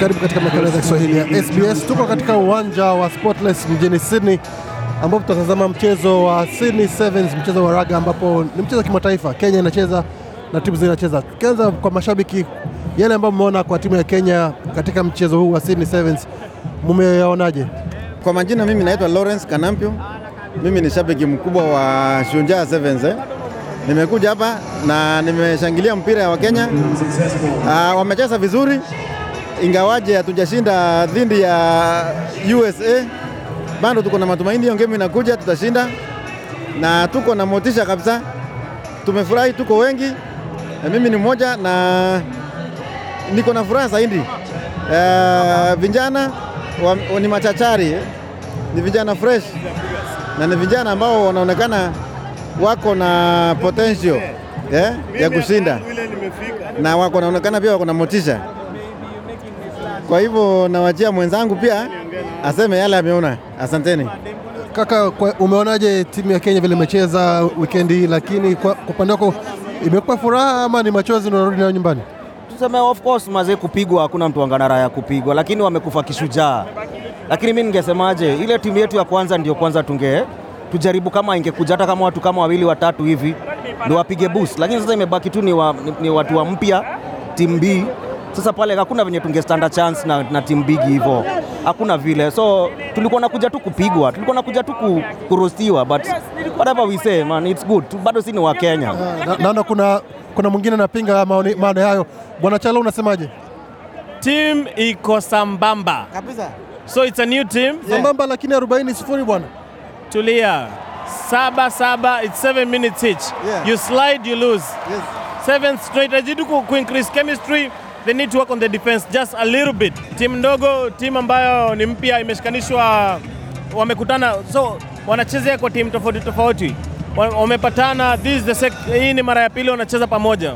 Karibu katika makala ya Kiswahili ya SBS. Tuko katika uwanja wa Sportless mjini Sydney, ambapo tutatazama mchezo wa Sydney Sevens, mchezo wa raga, ambapo ni mchezo wa kimataifa. Kenya inacheza na timu zinacheza. Tukianza kwa mashabiki, yale ambayo mmeona kwa timu ya Kenya katika mchezo huu wa Sydney Sevens, mumeyaonaje? Kwa majina, mimi naitwa Lawrence Kanampio, mimi ni shabiki mkubwa wa Shujaa Sevens eh. Nimekuja hapa na nimeshangilia mpira wa Kenya. Uh, ah, wamecheza vizuri ingawaje hatujashinda dhidi ya USA, bado tuko na matumaini, hiyo game inakuja tutashinda, na tuko na motisha kabisa. Tumefurahi, tuko wengi, mimi ni mmoja na niko na furaha zaidi. Uh, vijana ni machachari, ni vijana fresh na ni vijana ambao wanaonekana wako na potential yeah, ya kushinda na wako naonekana pia wako na motisha. Kwa hivyo nawajia mwenzangu pia aseme yale ameona. Asanteni kaka. Kwa, umeonaje timu ya Kenya vile imecheza wikendi hii, lakini kwa upande wako imekupa furaha ama ni machozi unarudi nayo nyumbani? Tuseme of course mazee, kupigwa hakuna mtu angana raha ya kupigwa, lakini wamekufa kishujaa. Lakini mimi ningesemaje, ile timu yetu ya kwanza ndio kwanza tunge tujaribu kama ingekuja hata kama watu kama wawili watatu hivi ndio wapige boost, lakini sasa imebaki tu ni, wa, ni, ni watu wa mpya timu B sasa pale hakuna venye tungestanda chance na, na timu bigi hivyo, hakuna vile. So tulikuwa nakuja tu kupigwa, tulikuwa nakuja tu kurostiwa, but whatever we say man, it's good. Bado si ni wa Kenya. Uh, na, kuna, kuna mwingine anapinga maana hayo. Bwana Chalo, unasemaje? Team iko sambamba kabisa, so it's a new team yeah. Sambamba lakini 40 sifuri bwana, tulia saba saba, it's seven minutes each yeah. You slide you lose yes. Seven straight, ajidi ku increase chemistry they need to work on the defense just a little bit. Timu ndogo, timu ambayo ni mpya, imeshikanishwa, wamekutana, so wanachezea kwa timu tofauti tofauti, wamepatana. This is the second, hii ni mara ya pili wanacheza pamoja,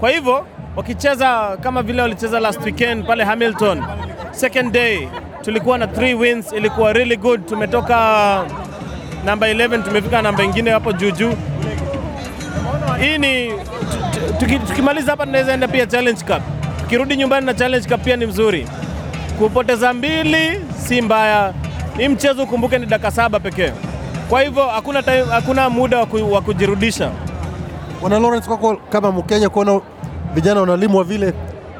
kwa hivyo wakicheza kama vile walicheza last weekend pale Hamilton, second day tulikuwa na three wins, ilikuwa really good. Tumetoka namba 11 tumefika namba ingine hapo juu juu. Hii ni tukimaliza hapa tunaweza enda pia Challenge Cup ukirudi nyumbani na Challenge Cup pia ni mzuri. Kupoteza mbili si mbaya, ni mchezo ukumbuke, ni dakika saba pekee, kwa hivyo hakuna, hakuna muda wa kujirudisha. Bwana Lawrence, kwako kama Mkenya kuona vijana wanalimwa vile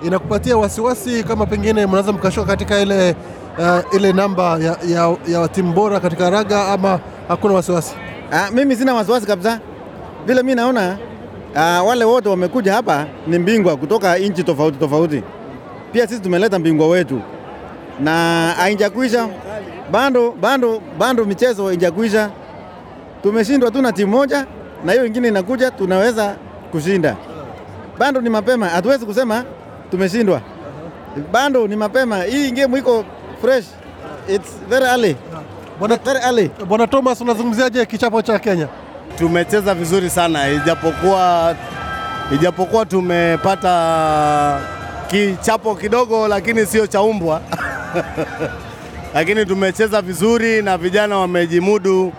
inakupatia wasiwasi kama pengine mnaweza mkashuka katika ile, uh, ile namba ya, ya, ya timu bora katika raga ama hakuna wasiwasi? Ah, mimi sina wasiwasi kabisa, vile mi naona Uh, wale wote wamekuja hapa ni mbingwa kutoka nchi tofauti tofauti. Pia sisi tumeleta mbingwa wetu na haijakwisha bando, bando, bando michezo haijakwisha. Tumeshindwa tu na timu moja, na hiyo ingine inakuja, tunaweza kushinda. bando ni mapema, hatuwezi kusema tumeshindwa. bando ni mapema, hii game iko fresh, it's very early. Bwana Thomas, unazungumziaje kichapo cha Kenya? tumecheza vizuri sana, ijapokuwa ijapokuwa tumepata kichapo kidogo, lakini sio cha umbwa lakini tumecheza vizuri na vijana wamejimudu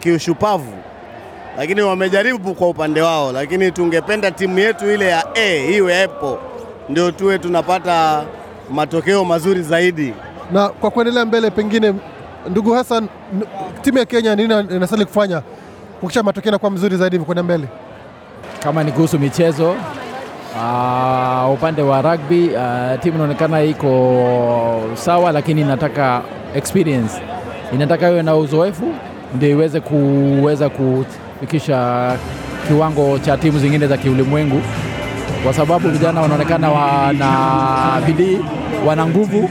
kiushupavu ki, ki lakini wamejaribu kwa upande wao, lakini tungependa timu yetu ile ya A hapo ndio tuwe tunapata matokeo mazuri zaidi na kwa kuendelea mbele pengine Ndugu Hassan, timu ya Kenya nini inastahili kufanya kuhakikisha matokeo yanakuwa mzuri zaidi kwenda mbele? Kama ni kuhusu michezo uh, upande wa rugby uh, timu inaonekana iko sawa, lakini inataka experience, inataka iwe na uzoefu ndio iweze kuweza kufikisha kiwango cha timu zingine za kiulimwengu, kwa sababu vijana wanaonekana wana bidii, wana nguvu,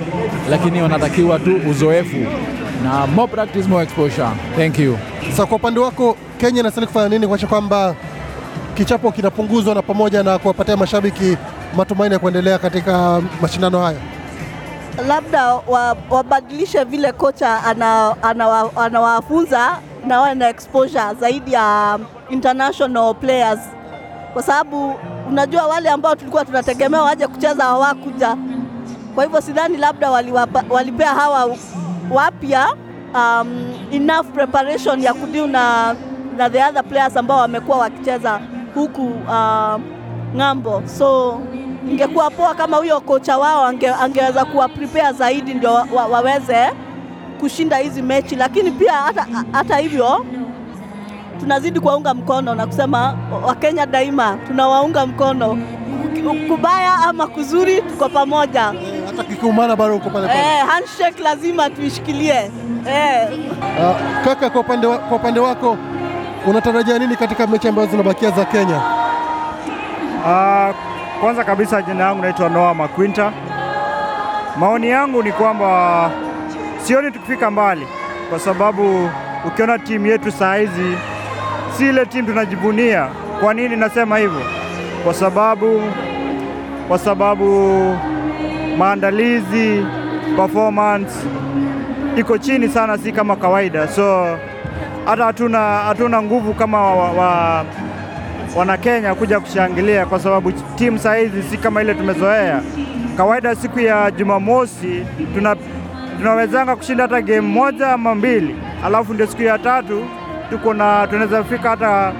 lakini wanatakiwa tu uzoefu na more practice, more exposure. Thank you. Sasa kwa upande wako Kenya inastahili kufanya nini kuacha kwamba kichapo kinapunguzwa na pamoja na kuwapatia mashabiki matumaini ya kuendelea katika mashindano haya? Labda wabadilishe wa vile kocha anawafunza ana, ana na wawe na exposure zaidi ya international players, kwa sababu unajua wale ambao tulikuwa tunategemea waje kucheza hawakuja. Kwa hivyo sidhani labda walipea wali hawa wapya um, enough preparation ya kudiu na, na the other players ambao wamekuwa wakicheza huku uh, ng'ambo, so ingekuwa poa kama huyo kocha wao ange, angeweza kuwa prepare zaidi ndio wa, wa, waweze kushinda hizi mechi, lakini pia hata, hata hivyo tunazidi kuwaunga mkono na kusema Wakenya daima tunawaunga mkono, kubaya ama kuzuri, tuko pamoja hata kikiumana bado uko pale pale. Eh, handshake lazima tuishikilie. Eh. Uh, kaka, kwa upande kwa upande wako unatarajia nini katika mechi ambazo zinabakia za Kenya? Uh, kwanza kabisa jina langu naitwa Noah Makwinta. Maoni yangu ni kwamba sioni tukifika mbali kwa sababu ukiona timu yetu saa hizi si ile timu tunajivunia. Kwa nini nasema hivyo? Kwa sababu kwa sababu maandalizi, performance iko chini sana, si kama kawaida. So hata hatuna hatuna nguvu kama wa, wa, wana Kenya kuja kushangilia kwa sababu timu saa hizi si kama ile tumezoea. Kawaida siku ya Jumamosi tuna tunawezanga kushinda hata game moja ama mbili, alafu ndio siku ya tatu tuko na tunaweza fika hata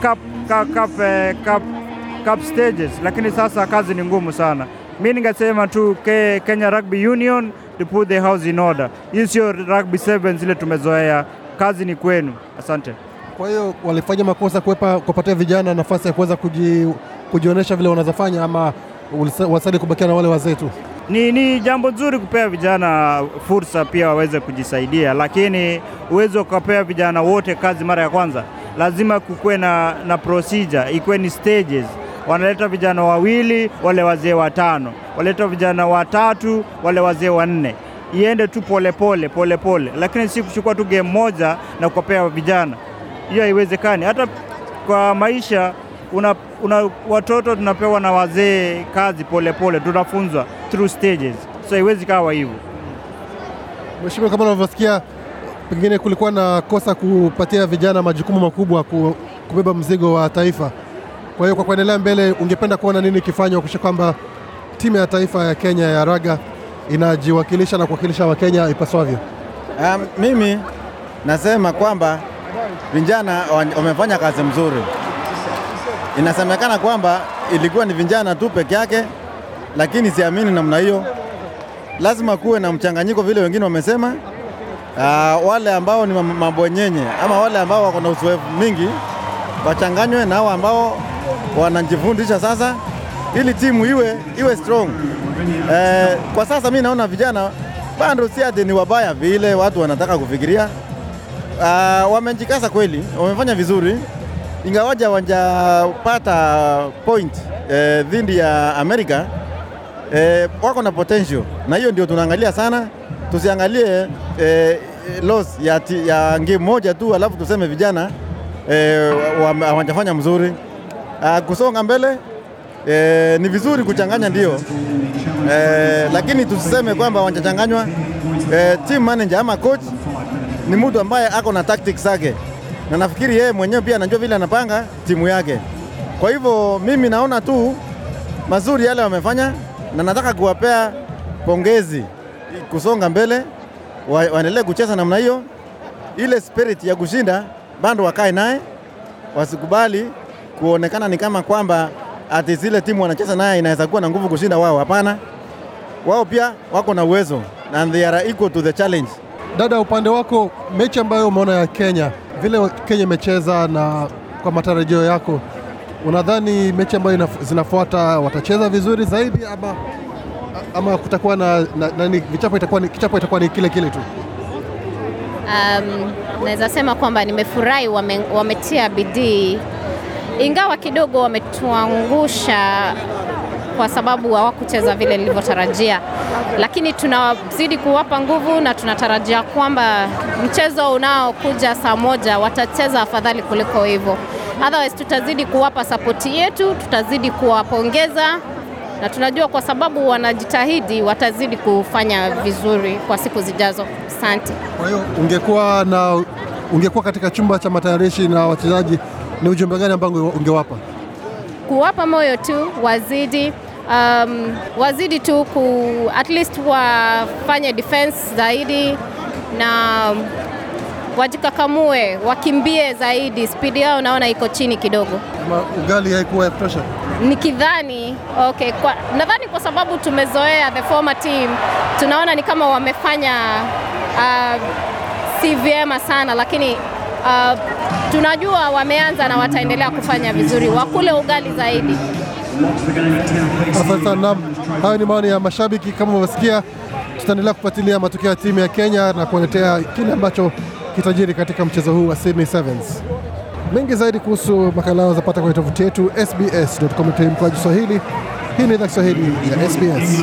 cup, cup, cup, eh, cup, cup stages, lakini sasa kazi ni ngumu sana. Mi ningasema tu ke Kenya Rugby Union to put the house in order. Hii sio rugby sevens zile tumezoea. Kazi ni kwenu, asante. Kwa hiyo walifanya makosa kupatia vijana nafasi ya kuweza kuji, kujionyesha vile wanazofanya, ama wasali kubakia na wale wazee tu? Ni, ni jambo nzuri kupea vijana fursa pia waweze kujisaidia, lakini uwezo ukapea vijana wote kazi mara ya kwanza, lazima kukuwe na, na procedure, ikuwe ni stages wanaleta vijana wawili, wale wazee watano, waleta vijana watatu, wale wazee wanne, iende tu polepole polepole, lakini si kuchukua tu game moja na kupea vijana. Hiyo haiwezekani. Hata kwa maisha una, una, watoto tunapewa na wazee kazi polepole, tunafunzwa through stages, so haiwezi kawa hivyo. Mheshimiwa, kama unavyosikia pengine kulikuwa na kosa kupatia vijana majukumu makubwa kubeba mzigo wa taifa. Kwa hiyo kwa kuendelea mbele, ungependa kuona nini kifanywa kuhakikisha kwamba timu ya taifa ya Kenya ya raga inajiwakilisha na kuwakilisha Wakenya ipaswavyo? Um, mimi nasema kwamba vijana wamefanya kazi mzuri. Inasemekana kwamba ilikuwa ni vijana tu peke yake, lakini siamini namna hiyo. Lazima kuwe na mchanganyiko vile wengine wamesema. Uh, wale ambao ni mabonyenye ama wale ambao wako na uzoefu mingi wachanganywe na hao ambao wanajifundisha sasa ili timu iwe, iwe strong. Eh, kwa sasa mi naona vijana bado si ati ni wabaya vile watu wanataka kufikiria. Uh, ah, wamejikaza kweli, wamefanya vizuri ingawaje wanjapata point eh, dhidi ya Amerika eh, wako na potential, na hiyo ndio tunaangalia sana. Tusiangalie eh, loss ya, ya game moja tu alafu tuseme vijana eh, wamefanya mzuri. Uh, kusonga mbele eh, ni vizuri kuchanganya ndio, eh, lakini tusiseme kwamba wanachanganywa. Eh, team manager ama coach ni mtu ambaye ako na tactics zake, na nafikiri yeye mwenyewe pia anajua vile anapanga timu yake. Kwa hivyo mimi naona tu mazuri yale wamefanya, na nataka kuwapea pongezi kusonga mbele, waendelee kucheza namna hiyo. Ile spirit ya kushinda bado wakae naye, wasikubali kuonekana ni kama kwamba ati zile timu wanacheza naye inaweza kuwa na nguvu kushinda wao. Hapana, wao pia wako na uwezo na they are equal to the challenge. Dada, upande wako, mechi ambayo umeona ya Kenya, vile Kenya imecheza na kwa matarajio yako, unadhani mechi ambayo zinafuata watacheza vizuri zaidi ama, ama kutakuwa na, na, nani, vichapo itakuwa ni, kichapo itakuwa ni kile kile tu? Um, naweza sema kwamba nimefurahi wametia wame bidii ingawa kidogo wametuangusha kwa sababu hawakucheza vile nilivyotarajia, lakini tunazidi kuwapa nguvu na tunatarajia kwamba mchezo unaokuja saa moja watacheza afadhali kuliko hivyo. Otherwise tutazidi kuwapa sapoti yetu, tutazidi kuwapongeza na tunajua kwa sababu wanajitahidi watazidi kufanya vizuri kwa siku zijazo. Asante. Kwa hiyo ungekuwa na ungekuwa katika chumba cha matayarishi na wachezaji ni ujumbe gani ambao ungewapa? Kuwapa moyo tu wazidi um, wazidi tu ku, at least wafanye defense zaidi na wajikakamue, wakimbie zaidi. Spidi yao naona iko chini kidogo. Ugali haikuwa ya pressure nikidhani okay, kwa, nadhani kwa sababu tumezoea the former team, tunaona ni kama wamefanya uh, si vyema sana, lakini uh, tunajua wameanza na wataendelea kufanya vizuri, wakule ugali zaidi. Asante sana. hayo ni maoni ya mashabiki. Kama umesikia, tutaendelea kufuatilia matokeo ya timu ya Kenya na kuwaletea kile ambacho kitajiri katika mchezo huu wa Sydney Sevens. Mengi zaidi kuhusu makala yao zapata kwenye tovuti yetu sbs.com.au kwa Kiswahili. Hii ni idhaa Kiswahili ya SBS.